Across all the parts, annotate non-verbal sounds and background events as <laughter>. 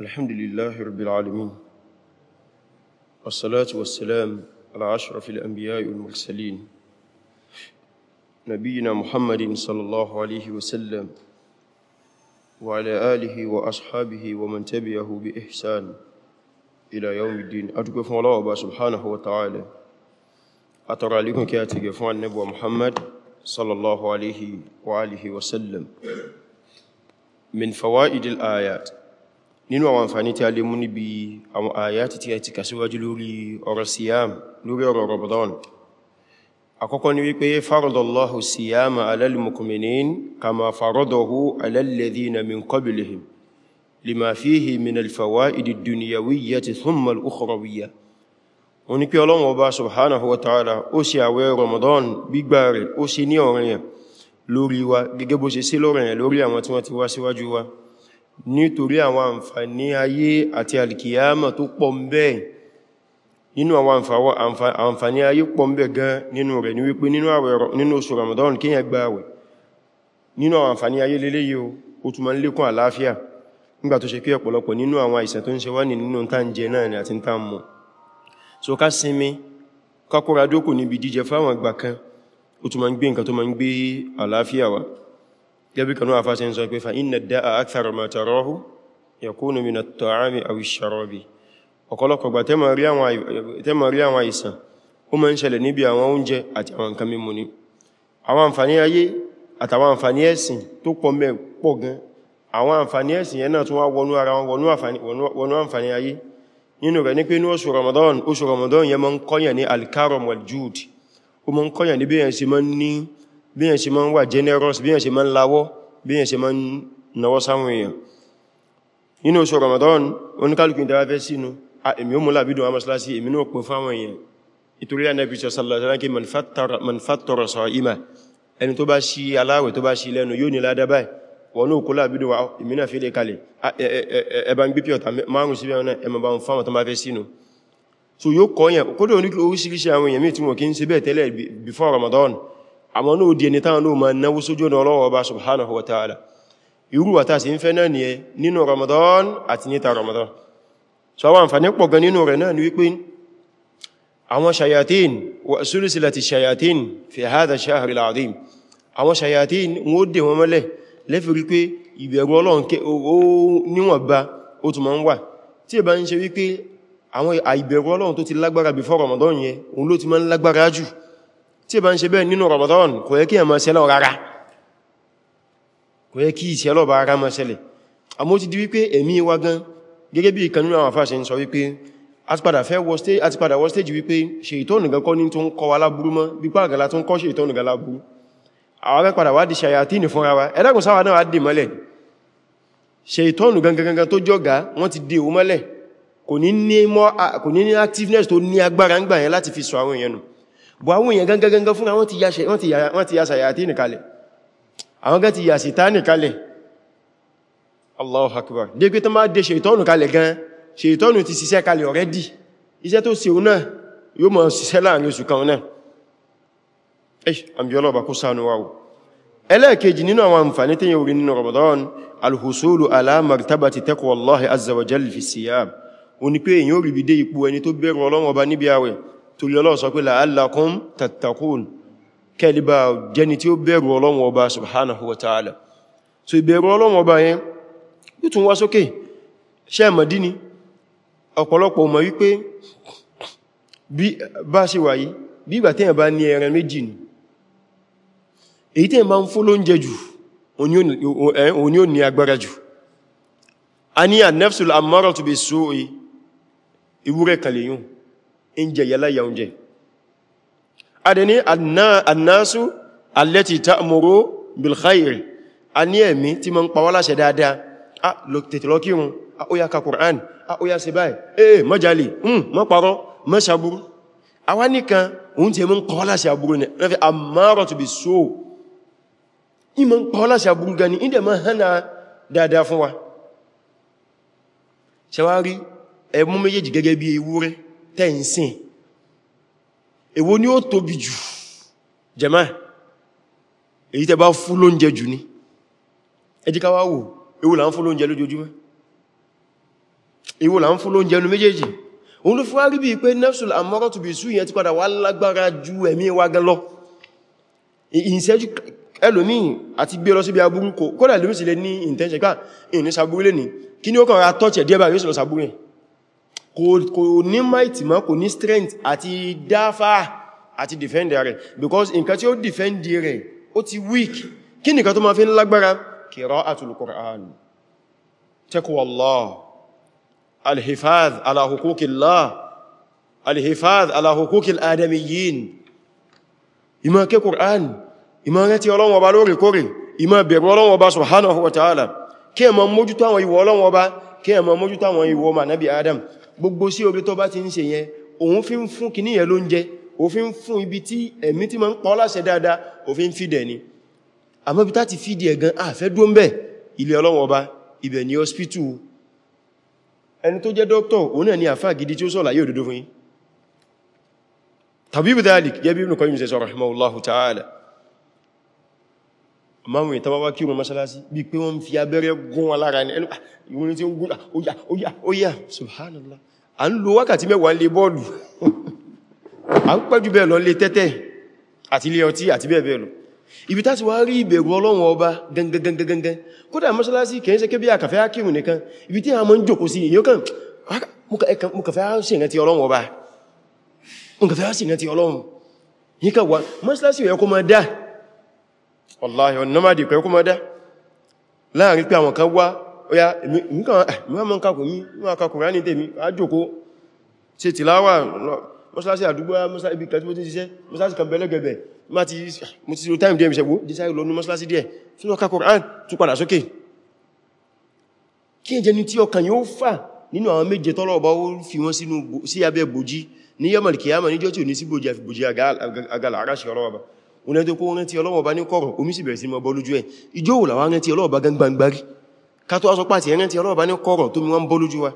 الحمد لله رب العالمين والصلاة والسلام على أشرف الأنبياء والمرسلين نبينا محمد صلى الله عليه وسلم وعلى آله وأصحابه ومن تبعه بإحسان إلى يوم الدين أتقف الله أبا سبحانه وتعالى أترى لكم كاتب فعن نبو محمد صلى الله عليه وآله وسلم من فوائد الآيات nínú àwọn àǹfàní tí a lè mú níbi àwọn àyàtì tí a ti kàsíwájú lórí ọ̀rọ̀ siyam lórí ọ̀rọ̀ Ramadan àkọ́kọ́ ni wípé faradallahu siyama alal mu'minin kama faradahu alal ladhina min qablihim lima fihi min alfawaid ad-dunyawiyyati thumma al-ukhrawiyyah wọ́n ní pé Ọlọ́run lórí wa gẹ́gẹ́ bó ṣe sí lọ́ranyàn lórí àwọn tí wọ́n ti wá síwájú wa nítorí àwọn àǹfàní ayé àti alkiyama tó pọ̀ ń bẹ nínú àwọn àǹfàní ayé pọ̀ ń bẹ gan nínú rẹ̀ ní wípé nínú oṣù Ramadan kí yẹn gba àwẹ̀ nínú àwọn àǹfàní ayé lélé yíò ó túnmọ̀ ń lékún àlàáfíà nígbà tó ṣe ọ̀pọ̀lọpọ̀ nínú àwọn àìsàn tó ń so gẹ́bí kanú àfáṣẹ́ ń sọ pé fa inna dáa akthar ma tarahu yakunu min at-ta'ami aw ash-sharabi ọ̀kọ́lọ́kọ̀ gbà tẹ́mà rí àwọn àìsàn ó máa ń ṣẹlẹ̀ níbi àwọn oúnjẹ àti àwọn nǹkan mímu ni àwọn àǹfààní ayé àtàwọn àǹfààní ẹ̀sìn tó pọ̀ mẹ́ pọ̀ gan àwọn àǹfààní ẹ̀sìn yẹn náà tún wá wọnú ara wọn wọnú àǹfààní ayé nínú rẹ̀ ní bí yẹn ṣe máa ń wà generous bí yẹn ṣe máa ń lawọ́ bí yẹn ṣe máa ń nawọ́ sáwọn èèyàn nínú oṣù Ramadan oníkálùkù ìdáwàfẹ́ sínú èmi ó mú làbídùn amọ́sílásí èmi náà pín fáwọn èèyàn ìtorí Ànábì sallallahu alaihi wasallam man fattara sa'iman ẹni tó bá ṣí aláwẹ̀ tó bá ṣí lẹ́nu yóò ní ládábà wa èmi náà fi lè kalẹ̀ ẹba ń gbí pìọ̀ta márùn sí bẹ́ẹ̀ so yóò kọ́ yẹn kódò oníkì oríṣiríṣi àwọn èèyàn míì tí wọn kì í ṣe bẹ́ẹ̀ tẹ́lẹ̀ before Ramadan àwọn náà di ẹni táwọn náà ma náwó sójú ọ̀nà Ọlọ́run Ọba subhanahu wa ta'ala irú wa tá sì ń fẹ́ náà ni ẹ nínú Ramadan àti níta Ramadan so àwọn àǹfàní pọ̀ gan nínú rẹ̀ náà ni wípé àwọn shayatin wa sulisilati shayatin fi hadha shahri al-azim àwọn shayatin wọ́n dè wọn mọ́lẹ̀ lẹ́fìrí pé tí bá ń ṣe bẹ́ẹ̀ nínú Ramadan kò yẹ kí ẹmọ ṣẹlẹ̀ rárá kò yẹ kí ìṣẹ́lọ̀ bá rárá mọ́ ṣẹlẹ̀ àmọ́ ti di wípé ẹ̀mí wa gan gẹ́gẹ́ bí ìkan nínú àwọn afáṣẹ́ ń sọ wípé a ti padà fẹ́ wọ stage wípé wa láburú mọ́ bí pàgàlá tó ń kọ́ ṣe ìtọ́nù gan láburú àwọn rẹ̀ padà wádìí ṣàyàtínì fúnra wa ẹ̀dàkùn sáwà náà dì mọ́lẹ̀ ṣe bọ̀ àwọn èèyàn gangan fún àwọn ti ya ṣàyàtí nìkalẹ̀ àwọn gan ti ya ṣìtá nìkalẹ̀ Allahu Akbar dé pé tó máa dé ṣètọ́nù kalẹ̀ gan ṣètọ́nù ti ṣiṣẹ́ kalẹ̀ already iṣẹ́ tó ṣe náà yóò mọ̀ ṣiṣẹ́ láàrin oṣù kan náà ẹ̀ṣ àmìyọ́lọ́bà kó sánú wa o ẹlẹ́ẹ̀kejì nínú àwọn àǹfàní tí torí ọlọ́run sọ pé la'allakum tattaqun kẹlìbà jẹni tí ó bẹ̀rù ọlọ́run ọba subhanahu wa ta'ala so ìbẹ̀rù ọlọ́run ọba yẹn yóò tún wá sókè ṣe mọ̀díní ọ̀pọ̀lọpọ̀ mọ̀ wípé bí bá ṣe wà yìí bí ìgbà tẹ́yàn bá ní ẹran méjì ni èyí tẹ́yàn bá ń fún lóúnjẹ jù òní ò ní agbára jù a ní an-nafsul ammaratu bis-su'i ìwúrẹ́ kàlẹ̀yùn injẹ yàláyà oúnjẹ adẹni annásu allati ta'muru bil khair a ní ẹ̀mí tí ma ń pa wá láṣẹ dáadáa a lọ tètè lọ kírun a ó yá ka Qur'an a ó yá ṣe báyìí ee mọ́jálì mọ́ parọ́ mọ́ sàbúrú a wá nìkan oun tí ma ń pa wá láṣẹ àbúrú ní rẹ́fẹ́ ammaratu bis suu ìmọ̀ ń pa wá láṣẹ àbúrú gani ìdẹ̀ ma hánà dáadáa fún wa ṣe wá rí ẹmú méjèèjì gẹ́gẹ́ bí tẹ́ǹsìn èwo ni ó tóbi jù jàmá èyí tẹ́ bá fún lóúnjẹ jù ní ẹjíká wá wò èwo là ń fún lóúnjẹ lójoojúmọ́ èwo là ń fún lóúnjẹ ló méjèèjì òun ló fún wá rí bí pé nafsul ammaratu bisu yẹn ti padà wá lágbára ju ẹ̀mí wa gan lọ ìṣẹ́jú ẹlòmí àti gbé lọ sí bí aburú kó kódà ẹlòmí sì lè ní intention pé ìní ní kí ni ó kàn ra tọ́ọ̀tì yóò sì lọ sàbúrú kò ní might mọ́ kò ní strength àti dáfà àti defend rẹ̀ because nǹkan tí ó defend rẹ̀ ó ti weak kí nìkan tó ma fi ń lágbára qira'atul Qur'an taqwallah alhifadh ala huquqillah alhifadh ala huquqil adamiyyin ìmọ̀ kí Qur'an ìmọ̀ rẹ̀ tí Ọlọ́run Ọba lóòrèkóòrè ìmọ̀ bẹ̀rù Ọlọ́run Ọba subhanahu wa ta'ala kí ẹ máa mójútó àwọn ìwọ̀ Ọlọ́run Ọba kí ẹ máa mójútó àwọn ìwọ̀ ọmọ Nabi Adam gbogbo sí orí tó bá ti ń ṣe yẹn òun fi ń fún kìní yẹn ló ń jẹ òfin fún ibi tí ẹ̀mí tí ma ń pọ́ láṣẹ dáadáa òfin fídẹ̀ ni àmọ́ bí táti fídẹ̀ ẹ̀gan àfẹ́ dúó ń bẹ̀ ilé Ọlọ́run ọba ibẹ̀ ni hospital ẹni tó jẹ́ dókítọ̀ òun náà ni àfá gidi tí ó sọ̀lá yóò dúdú fún yín tàbí ibùdálì gẹ́bí Ibn Qayyim ṣe ta'ala máwọn ìtàwà wá kírùn mọ́sálásí bí pé wọ́n fi abẹ́rẹ́ gún wa lára ní ẹnu ah, ìwọ̀n tí ah, ó gún óyá óyá óyá subhanallah a ń lo wákàtí mẹ́wàá ń lè bọ́ọ̀lù a ń pẹ́jú bẹ́ẹ̀ lọ lè tẹ́tẹ́ àti ilé ọtí àti bẹ́ẹ̀ bẹ́ẹ̀ lọ ibi tá ti wá rí ìbẹ̀rù ọlọ́run ọba gangan kódà mọ́sálásí kìí ṣe kébí àkàfẹ́ akírùn nìkan ibi a mọ́ ń jòkó sí èyàn kan ah, mo kàfẹ́ á sì rántí ọlọ́run ọba mo kàfẹ́ á sì rántí ọlọ́run yíkà wá wallahi wọn nọ́màdì pẹ̀lú kó mọ́dá láàrin pé àwọn kan wá ọya mìíràn kakùn mí mìíràn kakùn rá ní tèmi àjòkó ṣe tìláwà mọ́sálásí àdúgbò mọ́sálásí ibi kẹtí mo ti ṣiṣẹ́ mọ́sálásí kan bẹ̀lẹ̀ gẹ̀bẹ̀ mo ti lo time díẹ̀ mi ṣẹ̀gbó dísáyé lọ ní mọ́sálásí díẹ̀ tí wọ́n kakùn rán tún padà sókè kí ẹjẹ́ ni tí ọkàn yóò fà nínú àwọn méje tọ́lọ̀ ọba ó fi wọ́n sínú sí abẹ́ bòjí ní yọmọ̀lì kìyàmọ̀ níjọ́ tí ò ní sí bòjí àfi bòjí àgàlà aráṣì ọlọ́ọ̀bá òun lẹ́tọ́ kó rántí ọlọ́wọ̀ bá ní kọ̀rọ̀ omi sì bẹ̀rẹ̀ sí mọ́ bọ́ lójú ẹ̀ ìjọ́wò làwọn rántí ọlọ́wọ̀ bá gbangbangbarí ká tó aṣọ pàtí rántí ọlọ́wọ̀ bá ní kọ̀rọ̀ tó mi wọ́n bọ́ lójú wa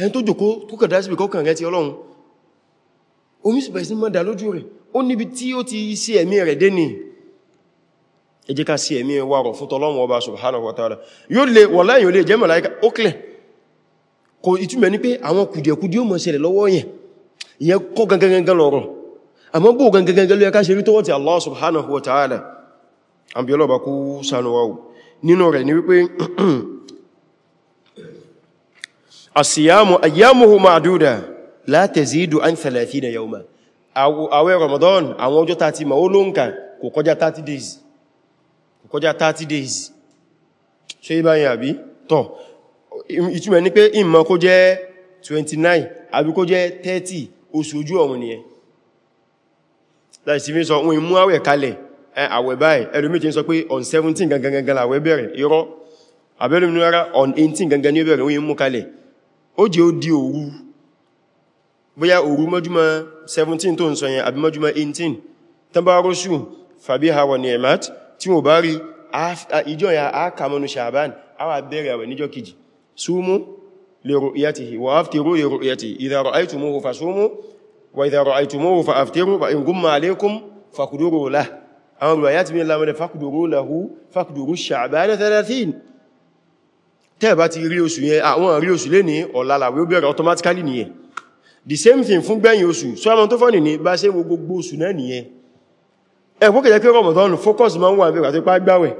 ẹni tó jòkó tó kàdá sí kọ́kàn rántí ọlọ́run omi sì bẹ̀rẹ̀ sí mọ́ dà lójú rẹ̀ ó níbi ká sí ẹ̀mí wa rọ̀ fún tọlọ́run ọba subhanahu wa yóò lè wọ̀lá yóò lè jẹ́ màláíkà ó kílẹ̀ kò ìtumẹ̀ ní pé àwọn kùdìẹ̀kùdìẹ̀ ó mọ̀ ṣẹlẹ̀ lọ́wọ́ yẹn kọ́ gangan lọ́rọ̀ àmọ́ bó gangan gangan ló yẹ ká ṣe rí tó wọ́tí Allah subhanahu wa ta'ala an bí ọlọ́ba kú sanuwawu nínú rẹ̀ ni wípé asiyamu <clears throat> ayyamuhu ma'duda la tazidu an 30 yawma àwẹ̀ Ramadan àwọn ojo 30 ma o ló ń kà kò 30 days kò kọjá 30 days ṣe ibá yà abi to ìtumẹ̀ ni pé ìmọ̀ kó jẹ́ 29 abi kó jẹ́ 30 osu ojú ọ̀run nìyẹn láì sí fi ń sọ ohun imú àwẹ̀ kalẹ̀ àwẹ̀ báyìí ẹlòmí ti ń sọ pé on 17 gangan gangan làwẹ̀ bẹ̀rẹ̀ irọ́ abẹ́lòmí rárá on 18 gangan ní bẹ̀rẹ̀ ohun imú kalẹ̀ ó jẹ́ ó di òru bóyá òru mọ́júmọ́ 17 tó ń sọ yẹn àbí mọ́júmọ́ 18 tán bá rọ́ṣù ya a kàmọ́nù sàbán a wà bẹ̀rẹ̀ àwẹ̀ níjọ́ kejì súnmú lè rò ìyàtì wà áfẹ́ rò ìyàtì ìdàrọ̀ وإذا رأيتموه فأفطروا فإن غم عليكم فاقدروا له أو روايات من الله فاقدروا له فاقدروا الشعبان 30 tẹ́ẹ̀bá ti rí oṣù yẹn àwọn rí oṣù lé ní ọ̀làlàwé ó bẹ̀rẹ̀ automatically nìyẹn the same thing fún gbẹ̀yìn oṣù so àmọ́ tó fọ́nì ní focus ma ń wà bẹ̀rẹ̀ àti pàgbàwẹ̀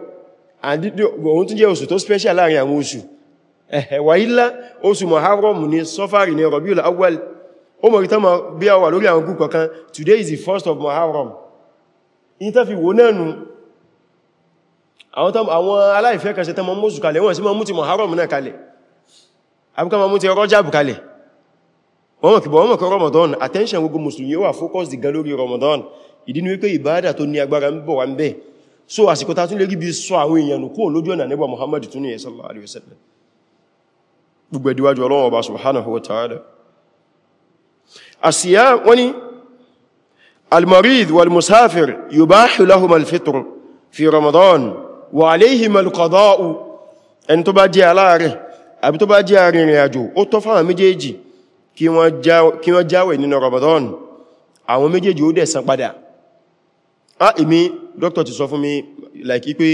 and òun tún jẹ́ oṣù tó special láàrin àwọn oṣù ẹ̀ẹ̀wà ilá oṣù Muharram ní Safar ní Rabiul Awwal ó mọ̀ ìtàmà bí a wà lórí àwọn gúkọ̀ kan today is the first of Muharram in ta fi wò nẹ́nu àwọn aláìfẹ́ kan ṣe tán mọ́ mọ́sù kalẹ̀ wọ́n sí mọ́ mú ti Muharram náà kalẹ̀ àbúkà mọ́ mú ti Rajab kalẹ̀ wọ́n mọ̀ kìbọ̀ wọ́n mọ̀ kọ́ Ramadan attention gbogbo mùsùlùmí wà focus di gan lórí Ramadan ìdí ni wípé ìbáadà tó ní agbára ń bọ̀ wá ń bẹ̀ so àsìkò ta tún lè rí bí sọ àwọn èèyàn kú lójú ọ̀nà nígbà Muhammad tún ní sallallahu alaihi wasallam gbogbo ẹ̀díwájú Ọlọ́run ọba subhanahu wa ta'ala àsíyá wọ́n ni almarid walmusafir yubahu lahum alfitr fi ramadan wa alayhim alqada'u ẹni tó bá jẹ́ aláàrẹ̀ àbí tó bá jẹ́ arìnrìn àjò ó tọ́ fáwọn méjèèjì kí wọ́n jáwẹ̀ nínú ramadan àwọn méjèèjì ó dẹ̀ san padà ah like pé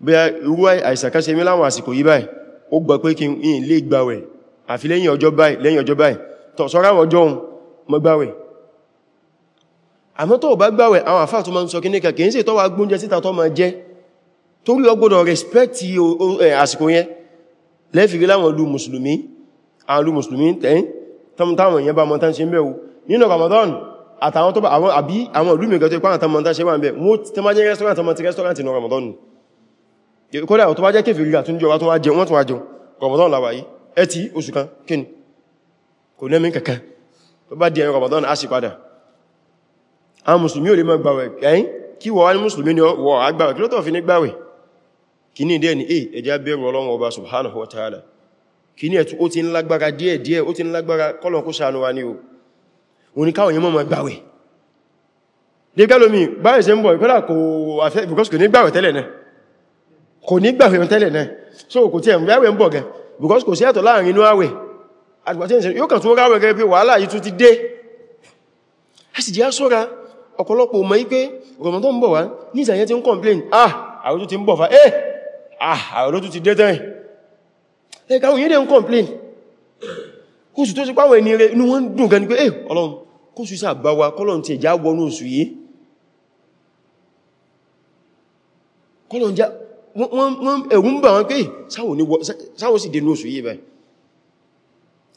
bí irú àìsàn kan ṣe mí láwọn àsìkò yí báyìí ó gbà pé kí n lè gbàwẹ̀ ọjọ́ ohun mọ́ gbáwẹ̀ àmọ́ tó bá gbáwẹ̀ àwọn àfáà tó ma ń sọ kí níkà kìí sí tó wà gbóúnjẹ síta tó ma jẹ́ tó rí ọgbọ́dọ̀ respect àsìkò yẹn lẹ́fìrí láwọn ìlú mùsùlùmí àwọn ìlú mùsùlùmí tẹ́yìn tọ́mùtáwọn èèyàn bá mọ́ tán ṣe ń bẹ̀wò nínú Ramadan àtàwọn tó bá àwọn àbí àwọn ìlú mẹ́gbẹ̀ tó ipá àtàwọn mọ́ tán ṣe wà ń bẹ̀ wọ́n tẹ́ ti oṣù kan kíni kò lẹ́mí kankan tó bá di ẹ̀yìn Ramadan a sì padà àwọn mùsùlùmí ò lè máa gbàwẹ̀ ẹ̀yìn kí wọ́n wá ní mùsùlùmí ni wọ́ agbàwẹ̀ kí ló tọ́ fi ní gbàwẹ̀ kí ní ìdẹ́ ni eh ẹjá bẹ̀rù Ọlọ́run ọba subhanahu wa ta'ala kí ní ẹ̀tù ó ti ń lágbára díẹ̀ díẹ̀ ó ti ń lágbára kọ́lọ̀ kó ṣàánú ẹ̀ àgbàtíyànṣẹ́ yóò kàn tó ráwẹ̀ rẹ̀ pé wàhálà yìí tún ti dé a sì jẹ́ á sọ́ra ọ̀pọ̀lọpọ̀ mọ̀ wípé Ramadan ń bọ̀ wá ní ìsànyẹ́ ti ń complain ah àwẹ̀ tún ti ń bọ̀ fa eh ah àwẹ̀ tún ti dé tẹ́rìn ẹ̀kà òun yẹ́ dẹ̀ complain oṣù tó ti pàwọ̀ ẹni rẹ̀ inú wọ́n dùn eh Ọlọ́run kó sù sáà bá wa kọ́lọ̀n ti ẹ̀já wọnú oṣù yìí kọ́lọ̀n já wọ́n ẹ̀rù ń bà wọn pé sáwọn eh, sì dé ní oṣù yìí báyìí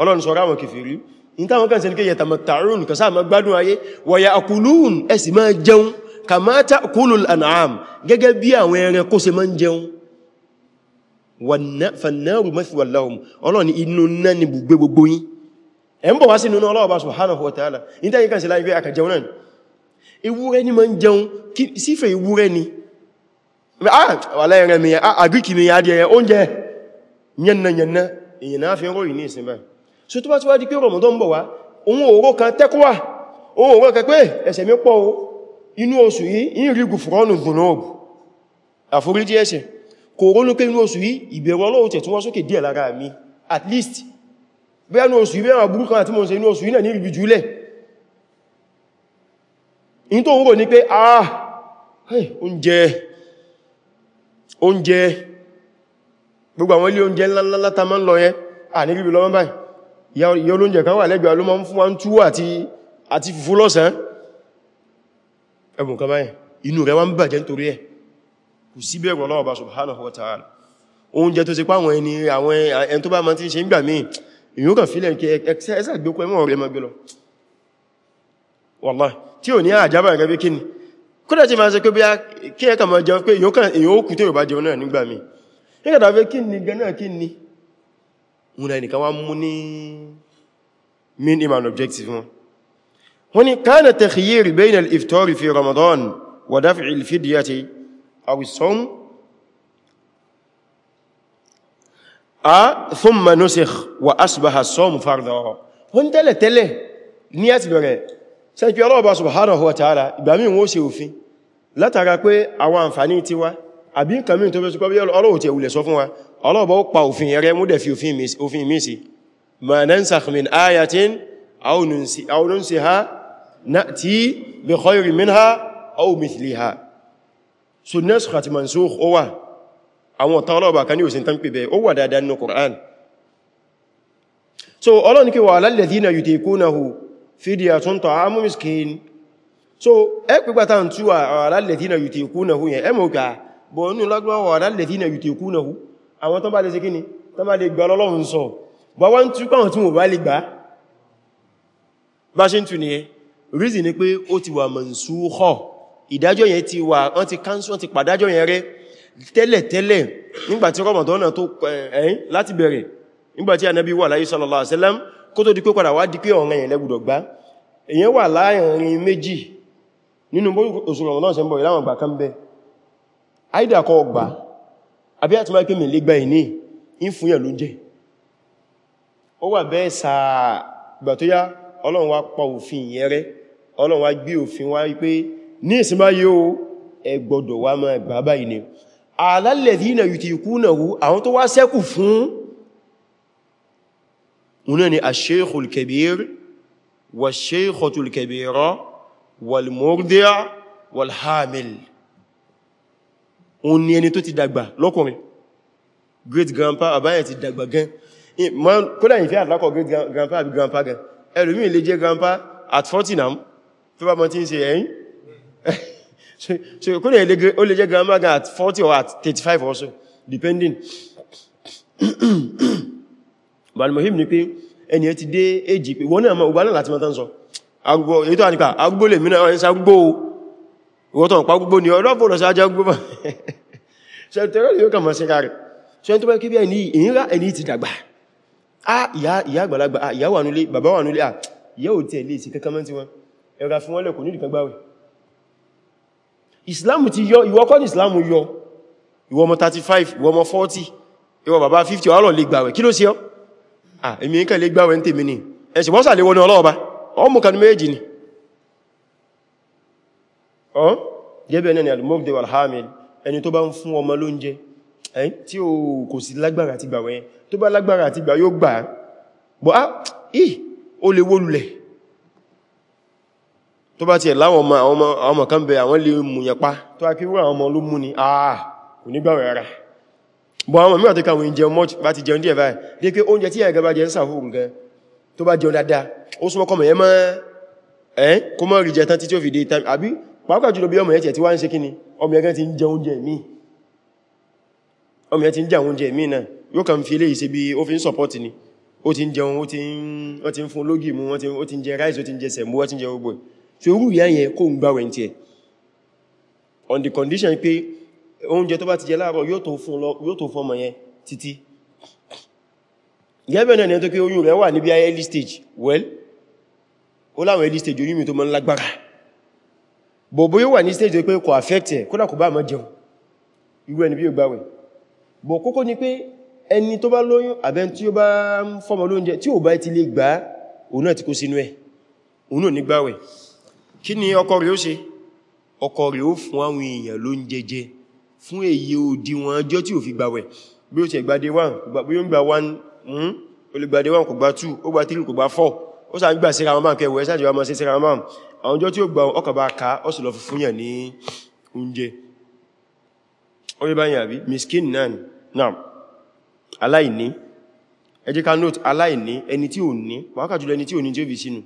ọlọ́run sọ ráwọn kìfìrí in táwọn kan ṣe ní kí yatamatta'un kà sáà ma gbádùn ayé wa ya'kulun ẹ̀sì máa jẹun kama ta'kulul an'am gẹ́gẹ́ bí àwọn ẹran kó ṣe máa ń jẹun fannáru mathwal lahum ọlọ́run ni bùgbé gbogbo yín ẹ̀ ń bọ̀ wá sí nínú ọlọ́ọ̀bá subhanahu wa ta'ala in táyín kan sí láìpẹ́ àkàjẹun náà ewúrẹ́ ni máa ń jẹun sífẹ̀ ewúrẹ́ ni ah, ah, àgbíkì mi adìẹ oúnjẹ yẹnnayẹnna èyàn fi ń ròyìn ní ìsinmi so tó bá ti wá di pé Ramadan bọ̀ wá ohun òró kan tẹ́kọ́wà ohun òró kan pé ẹ̀ṣẹ̀ mi pọ̀ inú oṣù yìí in rí gùfúrọ́nù dhunub àforíjì ẹ̀ṣẹ̀ kò rónú pé inú oṣù yìí ìbẹ̀rù Ọlọ́run tẹ̀ tún wá sókè díẹ̀ lára mi at least bí inú oṣù yìí bẹ́ẹ̀ àbúrú kan àti mọ̀ọ̀sẹ̀ inú oṣù yìí náà ní ìrìbì jùlẹ̀ in tó ń rò ní pé ah oúnjẹ oúnjẹ gbogbo àwọn ilé oúnjẹ ńláńlá ta máa ń lọ yẹn à ní ìrìbì lọ́wọ́ báyìí yọ lóúnjẹ kan wà lẹ́gbẹ̀ẹ́ ló máa ń fún wa ń tú àti fùfú lọ́sàn ẹbùn kan báyìí inú rẹ̀ wá ń bàjẹ́ nítorí ẹ̀ kò sí bẹ̀rù Ọlọ́run Ọba subhanahu wa ta'ala oúnjẹ tó ti pa àwọn ẹni àwọn ẹni tó bá ma ti ṣe ń gbà míì èyí ó kàn fílẹ̀ kí ẹsẹ̀ gbókọ ẹmọ́ rẹ̀ mọ́gbé lọ wallahi tí ò ní àjábà rẹ̀ bí kí ni kódà tí máa ṣe pé bí a kí ẹ kàn máa jẹun pé èyí ó kù wọn ẹnìkan wá mú ní main aim and objective wọn wọ́n ni kana takhyir bayna al-iftar fi ramadan wa daf'i al-fidyati aw as-sawm a thumma nusikh wa asbaha as-sawm fardha wọ́n tẹ́lẹ̀ tẹ́lẹ̀ ní àti bẹ̀rẹ̀ sẹ́kì ọlọ́ọ̀bá subhanahu wa ta'ala ìgbàmí wọ́n ṣe òfin látara pé àwọn àǹfàní tiwa àbí nǹkan mìí tó fẹ́ sí pẹ́bí ọlọ́wọ̀ tí ẹ̀wùlẹ̀ sọ fún wa ọlọ́ọ̀bọ̀ ó pa òfin ẹrẹ mú dẹ̀ fi òfin mìí sí ma nansakh min ayatin aw nunsiha na'ti bi khayrin minha aw mithliha so nasakh àti mansukh ó wà àwọn wà dáadáa nínú Qur'an so ọlọ́ni kí wà alladhina yutikunahu fidyatun ta'amu miskin so ẹ pípàtà ń tú wà alladhina yutikunahu yẹn ẹ bọ̀ inú lágbàwà alálẹ̀ tí ìnà yùtẹ̀ kú náà àwọn tó bá lè ṣe kí ni tó bá lè gbà lọ́lọ́run sọ bá wá ń tú pàwọn tí wọ́n bá lè gbà bá ṣe ń tú ní ẹ reason ni pé ó ti wà mansukho ìdájọ́ yẹn ti wà wọ́n ti cancel wọ́n ti pàdájọ́ yẹn rẹ́ tẹ́lẹ̀ tẹ́lẹ̀ nígbàtí Ramadan tó ẹ̀yìn láti bẹ̀rẹ̀ wà láyé sallallahu alaihi kó tó di pé padà wá di pé ọ̀ràn yẹn lẹ́gbùdọ̀ gbá wà láàrin méjì nínú bó oṣù Ramadan ṣe ń bọ̀ ìlàwọn ìgbà kan bẹ́ẹ̀ àìdà kọ ọgbà àbí àtúmọ̀ pé mi lè gba ìní ń fún yẹ̀ ló jẹ́ ó wà bẹ́ẹ̀ sàá ìgbà tó yá ọlọ́run wá pa òfin yẹn rẹ́ ọlọ́run wá gbé òfin wá wípé ní ìsinmá yóò ẹ gbọ́dọ̀ wá máa gbà báyìí ni alálẹ̀dínà yutiqunahu òun ni ẹni tó ti dàgbà lọ́kùnrin great grandpa àbáyẹ̀ ti dàgbà gan kódà ìfẹ́ àtàkọ̀ great grandpa àbí grandpa gan ẹlòmí lè jẹ́ grandpa at 40 now tó bá mọ́ tí ń ṣe ẹ̀yìn <laughs> so kódà ó lè jẹ́ grandpa gan at 40 or at 35 also depending <clears throat> balmohim ni pé ẹni ẹ ti dé èjì pé wọ́n náà mọ̀ ọgbà náà láti mọ́ tán sọ agbó èyí agbó ìwọ́n tó ń pa gbogbo ní ọlọ́bọ̀ lọ sáájá gbogbo <laughs> ṣe tẹ́rọ ni ó kàn mọ́ sí rárẹ̀ ṣe tó bẹ́ kí bí ẹni ìyínra ẹni ti dàgbà ìyá àgbàlagbà ìyá wà nílé bàbá wà nílé ìyá ò tiẹ̀ lè sí kankan mọ́ tí wọ́n ẹ̀rà fún wọ́n lẹ́kùn nídìí gbáwẹ̀ Islam ti yọ ìwọ kọ́ ní Islam yọ ìwọ ọmọ 35 ìwọ ọmọ 40 ìwọ bàbá 50 ọlọ́ lè gbàwẹ̀ kí ló sí ọ́ èmi ń kẹ́ lè gbàwẹ̀ ń tèmi ni ẹ̀sìn wọ́n sà lè wọ́n ní ọlọ́ọ̀bá ọmọ kan méjì ni ọ́n gẹ́bẹ̀ náà ni al-murdi wal-hamil ẹni tó bá ń fún ọmọ lóúnjẹ ẹ̀yìn tí ó kò sí lágbára àti gbà wẹ́yẹn tó bá lágbára àti gbà yóò gbà bọ́ á ì ó lè wólulẹ̀ tó bá tiẹ̀ láwọn ọmọ ọmọ kan bẹ àwọn lè múyàn pa tó á kíwúrà ọmọ ló mú ni àà kò ní gbàwẹ̀ rárá bọ́ àwọn mìíràn tó ká wọ́n jẹun mọ́ch bá ti jẹun díẹ̀ báyìí dé pé oúnjẹ tí ẹ̀gẹ́ bá jẹ ń kó mọ́ rí tán títí ó fi dé time àbí pàápàá jùlọ bí ọmọ ẹ̀ tí wá ń ṣe kíni ọmọ ẹ̀ ti ń jẹ oúnjẹ mí ọmọ ẹ̀ ti ń jẹ oúnjẹ mí náà yóò kàn fi eléyìí ṣe bí ó fi ń support ni ó ti ń jẹun ó ti ń fún lógì mú ó ti ń jẹ rice ó ti ń jẹ sẹ̀mú ó ti ń jẹ gbogbo so irú ìyá yẹn kó ń gbà wẹ̀ tiẹ̀ on the condition pé oúnjẹ tó bá ti jẹ láàárọ̀ yóò tó fún ọmọ yẹn títí gẹ́bẹ̀ náà ni ẹ tó pé oyún rẹ̀ wà níbi early stage well ó láwọn early stage oyún mi tó mọ́ lágbára bọ̀bọ̀ yóò wà ní stage pé kò affect ẹ̀ kódà kò bá mọ́ jẹun irú ẹni bí ó gbáwẹ̀ bọ̀ kókó ni pé ẹni tó bá lóyún àbẹ́ tí ó bá ń fọ́mọ lóúnjẹ tí ò bá ti lè gbá òun náà ti kó sínú ẹ̀ òun náà ní gbáwẹ̀ kí ni ọkọ rẹ̀ ó ṣe ọkọ rẹ̀ ó fún àwọn èèyàn lóúnjẹ jẹ fún èyí òdi wọn ọjọ́ tí ò fi gbáwẹ̀ bí ó ti gbàdé wà bí ó ń gbà wọn hmm, ó lè gbàdé kò gbà 2 ó gbà 3 kò gbà 4 ó sàn gbà síra kẹwẹ́ sáàjọ wọn sí síra àwọn ọjọ́ tí ó gbà ọkà bá ká ó sì lọ fi fúnyà ní oúnjẹ ó báyìí àbí miskin náà náà aláìní ẹ jẹ́ ká note aláìní ẹni tí ò ní wákàtúlẹ̀ ẹni tí ò ní tí ó fi sínú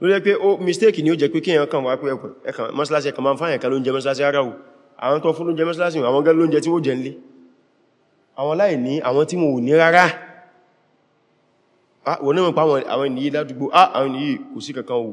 ló jẹ́ pé ó mistake ni ó jẹ́ pé kí èyàn kan wá pé ẹkàn mọ́sálásí ẹkàn máa ń fáyẹ̀ká ló ń jẹ mọ́sálásí ara wù àwọn tó fún ló ń jẹ mọ́sálásí àwọn gẹ́lú ló ń jẹ tí ó jẹ nlé àwọn aláìní àwọn tí mo ò ní rárá ah, wọ́n náà mọ̀ pa àwọn ènìyàn ládùúgbò ah, àwọn ènìyàn kò sí kankan wò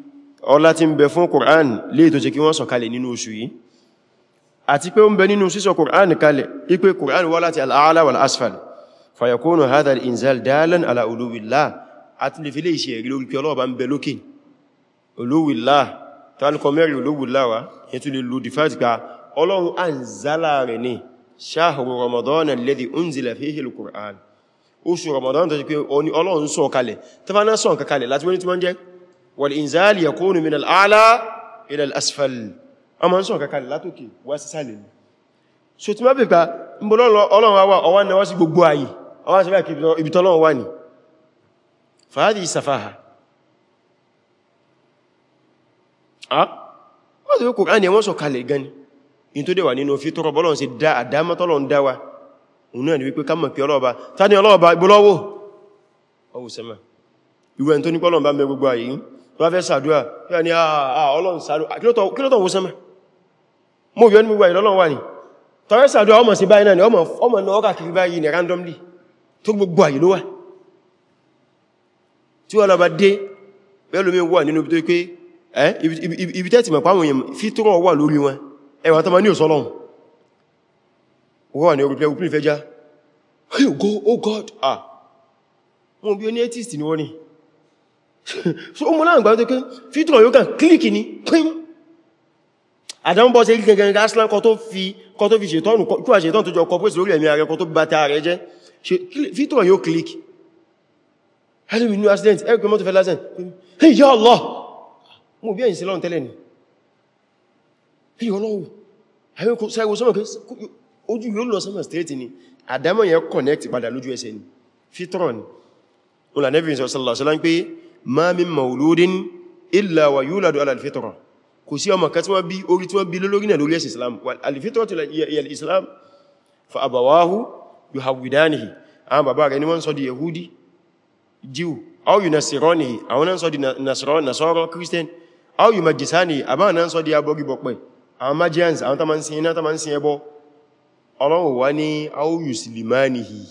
ọlá tí ń bẹ fún Qur'an lè tó ṣe kí wọ́n sọ̀kalẹ̀ nínú oṣù yìí àti pé ó ń bẹ nínú sísọ Qur'an kalẹ̀ ipé Qur'an wá láti al'ala wal asfal fayakunu hadha al-inzal dalan ala uluwillah àti lè fi lè ṣe èrí lórí pé ọlọ́ọ̀bá ń bẹ lókè uluwillah tálùkọ mẹ́rin uluwillah wa yẹ tún lè lò dìfàtì pa ọlọ́run anzala rẹ̀ ní shahru والإنزال يكون من الأعلى إلى الأسفل أما أنسوا ككال لا توكي واسسالي so ti ma bi pa nbo lo Ọlọ́run wa wa ó wá na wa sí gbogbo ayé ó wá ṣe bá kí ibi tó Ọlọ́run wà ní fa hadi safaha ah wa de ko kan ni wọ́n sọ kalẹ̀ gan ni in tó dé wà nínú fi toro bọ́lọ́run ṣe dá adama tó Ọlọ́run dá wa una ni wí pé ká mọ̀ pé Ọlọ́run ba ta ni Ọlọ́run ba ibo lowo owo sema ìwé en tó ní pé Ọlọ́run bá ńbẹ gbogbo ayé tó fẹ́ sàdúwà yà ní ah, ah, ọlọ́run sàdúwà kí ló tọ̀ wọ́n sánmà mú yọ ní gbogbo ìlọ́lọ́run wà ní tọ́rẹ sàdúwà ọmọ sí báyìí náà ni ọmọ náà kà kiri báyìí ní randomly tó gbogbo àyè ló wà tí wọ́n lọba dé pẹ́lú mi wà nínú tó pé ibi tẹ́tì mọ̀ pàwọn èèyàn fi tó rọ̀ wà lórí wọn ẹwà tó ma ní òsọ́lọ́run wọ́n wà ní orí pẹ́lú ìfẹ́já oh God oh God ah wọn bí ó ní atheist ni wọ́n ni so o mọ́ láàrín gbáyé tó kí fítọ̀ yóò kàn klíkì ní pín àdámbọ́ sí gẹ̀gẹ̀rẹ̀ aslan kọ tó fi ṣètọ́nù kúwà ṣètọ́nù tó jọ kọ pèsè lórí ẹ̀mí ààrẹ kọ tó bá ta ààrẹ jẹ́ fítọ̀ yóò klíkì hello new accident ẹgbẹ́ mọ́tò fẹ́ lásán hey ya Allah mo bí ẹ̀yìn sí lọ́n tẹ́lẹ̀ ni hey ọlọ́wọ́ ẹ̀yìn sáyẹ̀wò sọ́mọ̀ kí ojú yóò lọ sọ́mọ̀ straight ni àdámọ̀ yẹn connect padà lójú ẹsẹ̀ ni fítọ̀ ni ó là nẹ́bí sọ́sọ́lọ́sọ́lá ń pé ma min mauludin illa wa yúlàdù alàlfitra kò sí ọmọ kan tí wọ́n bí orí tí wọ́n bí lórí náà lórí ẹ̀sì islam alfitra tó yẹ islam fa abawahu yuhawidanihi àwọn bàbá rẹ̀ ni wọ́n sọ di yahudi jíu aw yu nasironihi àwọn náà sọ di nasọ́rọ̀ christian aw yu majisani àbáwọn náà sọ di abọ́gibọ̀pẹ̀ àwọn magians àwọn tó ma ń sin iná tó ma sin ẹbọ ọlọ́run wá ní aw yu silimanihi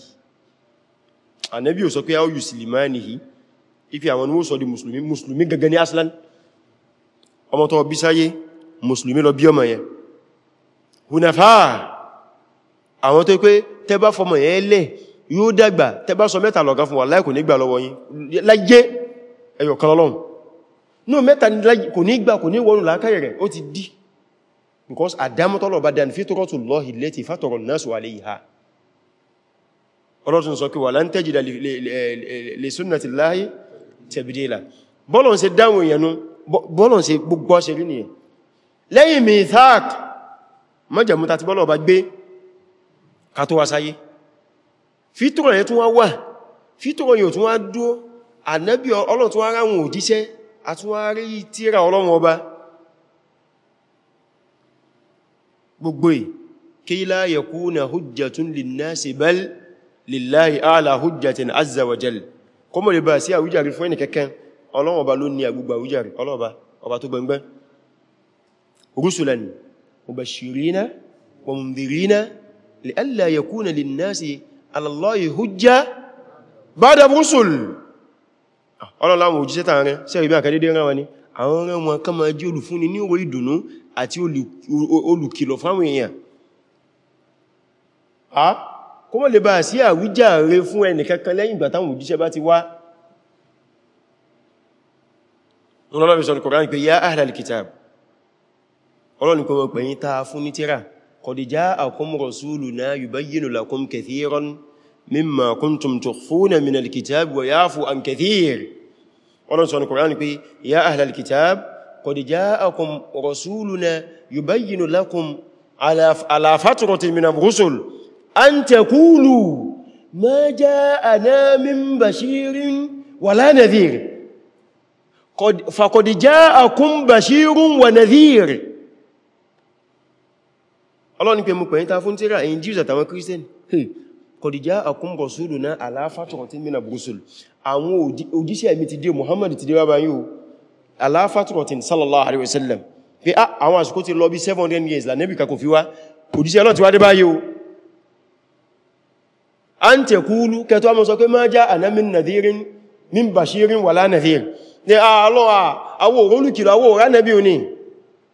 ànábì ò sọ aw yu ipi àwọn ni wọ́n sọ di musulmi musulmi gangan ní aslan ọmọ tó bí sáyé musulmi lọ bí ọmọ yẹn hunafa àwọn tó pé tẹbá fọmọ yẹn lẹ yóò dàgbà tẹbá sọ mẹ́ta lọ̀gá fún wa láì kò ní gbà lọ́wọ́ yín láyé ẹyọ kan lọ́lọ́run no mẹ́ta kò ní gbà kò ní wọnú làákàyè rẹ̀ ó ti di because àdámọ́tọ́lọ̀ bá dan fitratullahi allati fatara an-nasu alayha ọlọ́tún sọ kí wà lan tajida li sunnatillahi tẹ̀bìdìlà bọ́lọ̀ ṣe dáwọn èèyàn bọ́lọ̀ ṣe gbogbo ṣe rí nìyàn lẹ́yìn mithaq mọ́jàmú tàti bọ́lọ̀ bá gbé kàtó wa sáyé fítọ̀rọ̀ yẹn tún wá wà fítọ̀rọ̀ yẹn tún wá dúó ànábì ọlọ́run tún wá ráwọn òjíṣẹ́ àtúnwárí gbogbo ì kí la yakuna hujjatun linnasi bal lillahi ala hujjatin azza wa jalla kó mọ̀ lè bá sí àwíjàrí fún ẹni kẹ́kẹ́ ọlọ́wọ̀n ọba ló ní agbègbè àwíjàrí ọlọ́ọ̀ba ọba tó gbẹngbẹ́ rusulan mubashirina wa mundhirina li alla yakuna lin nasi ala Allahi hujja ba'da rusul ah, ọlọ́láwọn òjíṣẹ́ tààrin sí ẹ̀rí bí àkàdédé rán wa ni àwọn rán wọn kán máa kó mọ́ lè bá sí àwíjàre fún ẹnìkankan lẹ́yìn ìgbà táwọn òjíṣẹ́ bá ti wá ọlọ́lọ́bí sọ Al-Qur'an pé yá ahlal kitab ọlọ́ni kọmọ pẹ̀yìn ta fún ní tíra qad ja'akum rasuluna yubayyinu lakum kathiran mimma kuntum tukhfuna minal kitab wa ya'fu an kathir ọlọ́ni sọ Al-Qur'an pé yá ahlal kitab qad ja'akum an taqulu ma ja'ana min bashirin wala nadhir faqad ja'akum bashirun wa nadhir ọlọ́ni pé mú pẹ̀yìn ta fún tíra èyí jíus àtàwọn kírísítẹ́nì qad ja'akum rasuluna ala fatratin mina rusul àwọn òjíṣẹ́ mi ti dé Muhammad ti dé wá báyìí ala fatratin sallallahu alaihi wasallam 700 years la nẹ́bì kakò fi wá òjíṣẹ́ ọlọ́ an te kúlú kẹtọ́ ọmọ sọ pé máa já ànámin nàdírin min bashirin wà lánàdírin ní àlọ́wà awò orólùkìlọ awò ránàbí òní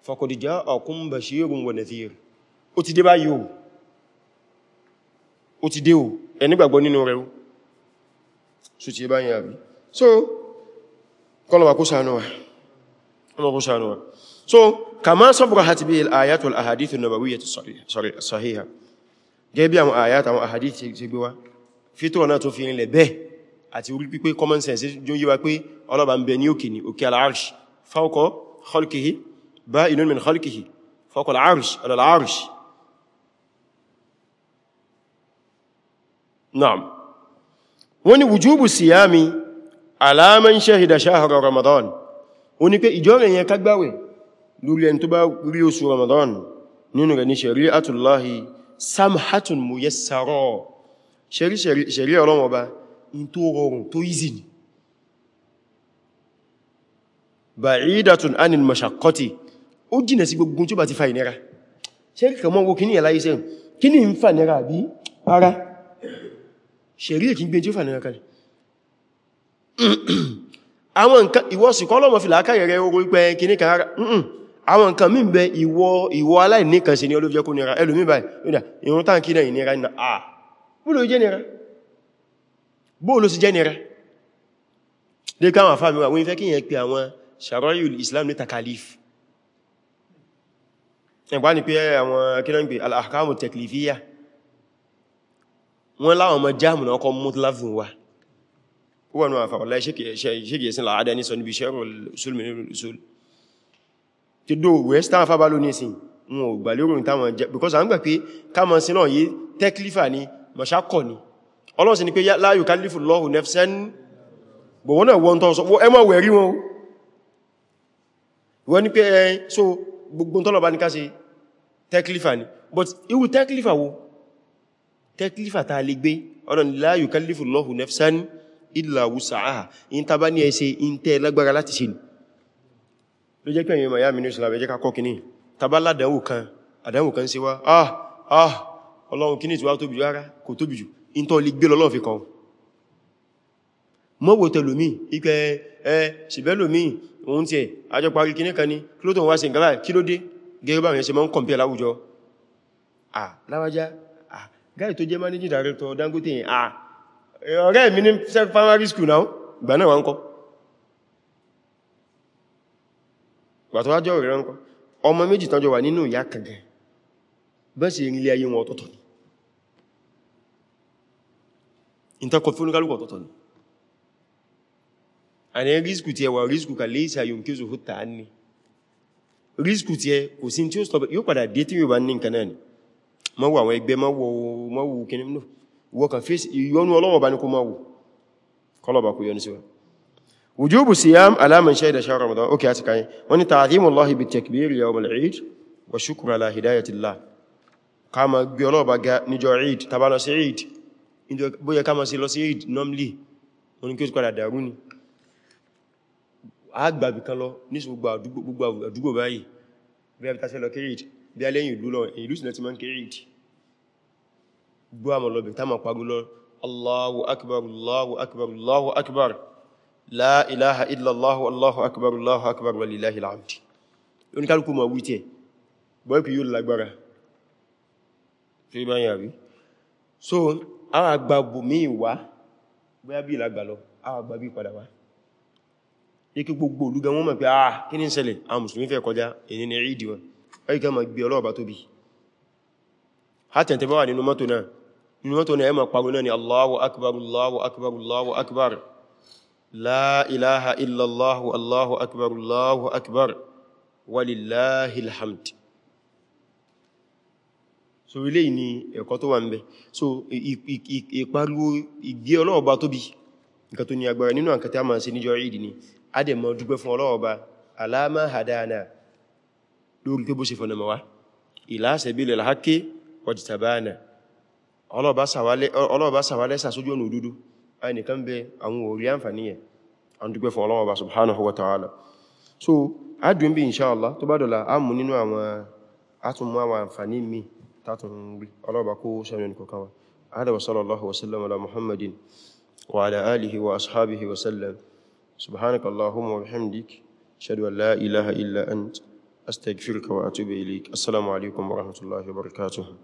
fàkọ̀dìjá ọkùn bashirin wà nàdírin ó ti dé báyìí o ó ti dé o ẹni gbàgbọ́ nínú rẹ̀ so gẹ́gẹ́ bí àwọn àyà àtàwọn àhàdí ṣe gbé wá fítọ̀ náà tó fi rinlẹ̀ bẹ́ẹ̀ àti orí pípé common sense jọ yíwa pé ọlọ́ba ń bẹ ní òkè ní òkè al'arsh fawqa khalqihi ba'inun min khalqihi fawqa al'arsh al'arsh na'am wọ́n ní wujubu siyami ala man shahida shahra ramadan wọ́n ní pé shari'atullahi samhatun muyassara ṣẹ̀rí ọlọ́run ọba in tó rọrùn tó easy ni ba'idatun anil mashaqqati ó jìnà sí gbogbo tí ó bá ti fa ìnira ṣẹ́rí kàmọ́ wo kíní ẹ̀láyé sẹ́rùn kíní ń fa ìnira àbí ara ṣẹ̀rí èkí gbé tí ó fa ìnira kalẹ̀ <clears throat> àwọn nǹkan ìwọ́sùkọ́ lọ́mọ̀ orí pẹ́ kíní kan ara àwọn nǹkan mí bẹ ìwọ ìwọ aláìníkan ṣe ní olóòjẹ́ kó nira ẹlòmí báyìí ìrun tàn kí náà ìnira ìnà àà ah, bóòlò jẹ́ nira bóòlò sí jẹ́ nira dé káwọn àfáàmì wà wọ́n fẹ́ kíyàn pé àwọn shara'il islam ní takalif ẹgbá ni pé àwọn kílọ́n pé al-ahkamu taklifiyya wọ́n láwọn ọmọ jáàmù náà kọ mú láfún wa ó wà náà àfàwọ̀lá ṣe kìí ẹ̀sìn làádá ní sọ níbi shara'il usul min al-usul ti do western fábá ló ní sin wọn ò gbà lórí ìtàwọn jẹ́ because a ń gbà pé káàmọ̀ sí náà yí tẹ́klífà ní mọ̀ṣákọ̀ ní ọlọ́sìn ni pé la yukallifu Allahu nafsan bọ̀ wọ́n náà wọ́n tọ́ sọ ẹ mọ̀ wẹ̀rí wọn wọ́n ni pé ẹ so gbogbo tọ́lọ̀ bá ní ká ṣe tẹ́klífà ní but irú tẹ́klífà wo tẹ́klífà ta lè gbé ọlọ́ni la yukallifu Allahu nafsan illa wus'aha in ta bá ní ẹ ṣe in tẹ́ lágbára láti ṣe ni ló jẹ́ pẹ̀yìn ma yá mi ní ìṣẹ́lá ẹjẹ́ kakọ́ kìíní tabbala àdánwò kan àdánwò kan sí wá ah ah ọlọ́run kìíní tí wá tóbi jù ara kò tóbi jù in tó lè gbé lọ́lọ́ fi kan mọ́wọ́ tẹlòmí ipẹ́ ẹ ṣìbẹ́lòmí òun tiẹ̀ àjọ parí kìíní kan ní kí ló tó wá sí nǹkan báyìí kí ló dé gẹ́gẹ́ bá rẹ̀ ah láwájá ah gáì tó director Dangote ah ọ̀rẹ́ mi ní primary school náà gbà gbàtọ́ wá jẹ́ ọ̀rẹ́ ránkọ́ ọmọ méjì tán wà nínú ìyá kan gan bẹ́ẹ̀ ilé ayé wọn ọ̀tọ̀tọ̀ ni ìtàkọ̀ fún olúkálùkù ọ̀tọ̀tọ̀ ni àní rísìkù tí ẹ wà rísìkù kà lè ṣe àyùn kézò ó tàá ní rísìkù tí ẹ kò sí tí ó stop yóò padà dé tí yóò bá ní nǹkan náà ni mọ́ wọ àwọn ẹgbẹ́ mọ́ wọ kìnnìmọ́ wọ́kàn fèsì ìyọnu ọlọ́wọ̀ bá ní kó mọ́ wọ kọlọ̀bà kò yọ síwá وجوب صيام على من شهد شهر رمضان اوكي اتكاي وني تعظيم الله بالتكبير يوم العيد والشكر على هدايه الله كما بيولو باغا نيجو عيد تبانا سي عيد نيجو بويا كما سي لو سي عيد normally كيس كودا دارو ني agba bi kan lọ nisu gbogbo àdúgbò gbogbo àdúgbò báyìí bi abi ta se lọ kirid bi aleyin ìlú lọ ìlú sin ti man kirid Allahu akbar Allahu akbar Allahu akbar la ilaha illallah wallahu akbar allahu akbar walillahi alhamd oníkálùkù ma wí tí ẹ bọ́ẹ̀pì yóò lágbára tí bá yà rí so àwọn agbàgbò míì wá bóyá bí ìlàgbà lọ àwọn agbàgbò padà wá ikú gbogbo olúgan wọ́n mọ̀ pé àà ah, kí ní ṣẹlẹ̀ àwọn mùsùlùmí fẹ́ kọjá èyí ni rídì wọn ẹ́yíká ma gbé ọlọ́ọ̀bá tóbi hátẹ̀ntẹ̀ bá wà nínú mọ́tò náà nínú mọ́tò náà ẹ ma لا إله إلا الله الله أكبر الله أكبر ولله الحمد so ilé ni ẹ̀kọ́ tó wà ń bẹ so ìpariwo ìgbé ọlọ́ọ̀bá tóbi nǹkan tó ní agbára nínú àǹkan tí a máa ṣe níjọ́ ìdí ni a dẹ̀ mọ́ dúpẹ́ fún ọlọ́ọ̀bá aláàmà hadana lórí pé bó ṣe fọ́nà mọ́wá ila sabilil haqqi wajtabana ọlọ́ọ̀bá sàwálẹ́ sàsójú ọ̀nà òdúdú ẹnìkan bẹ àwọn orí àǹfàní ẹ̀ àdúgbẹ́ fún ọlọ́wọ́ bá subhanahu wa ta'ala so adùn bí inṣáàlá tó bá dọ̀la a nínú àwọn atùnmọ́ àwọn àǹfàní mi tàtùn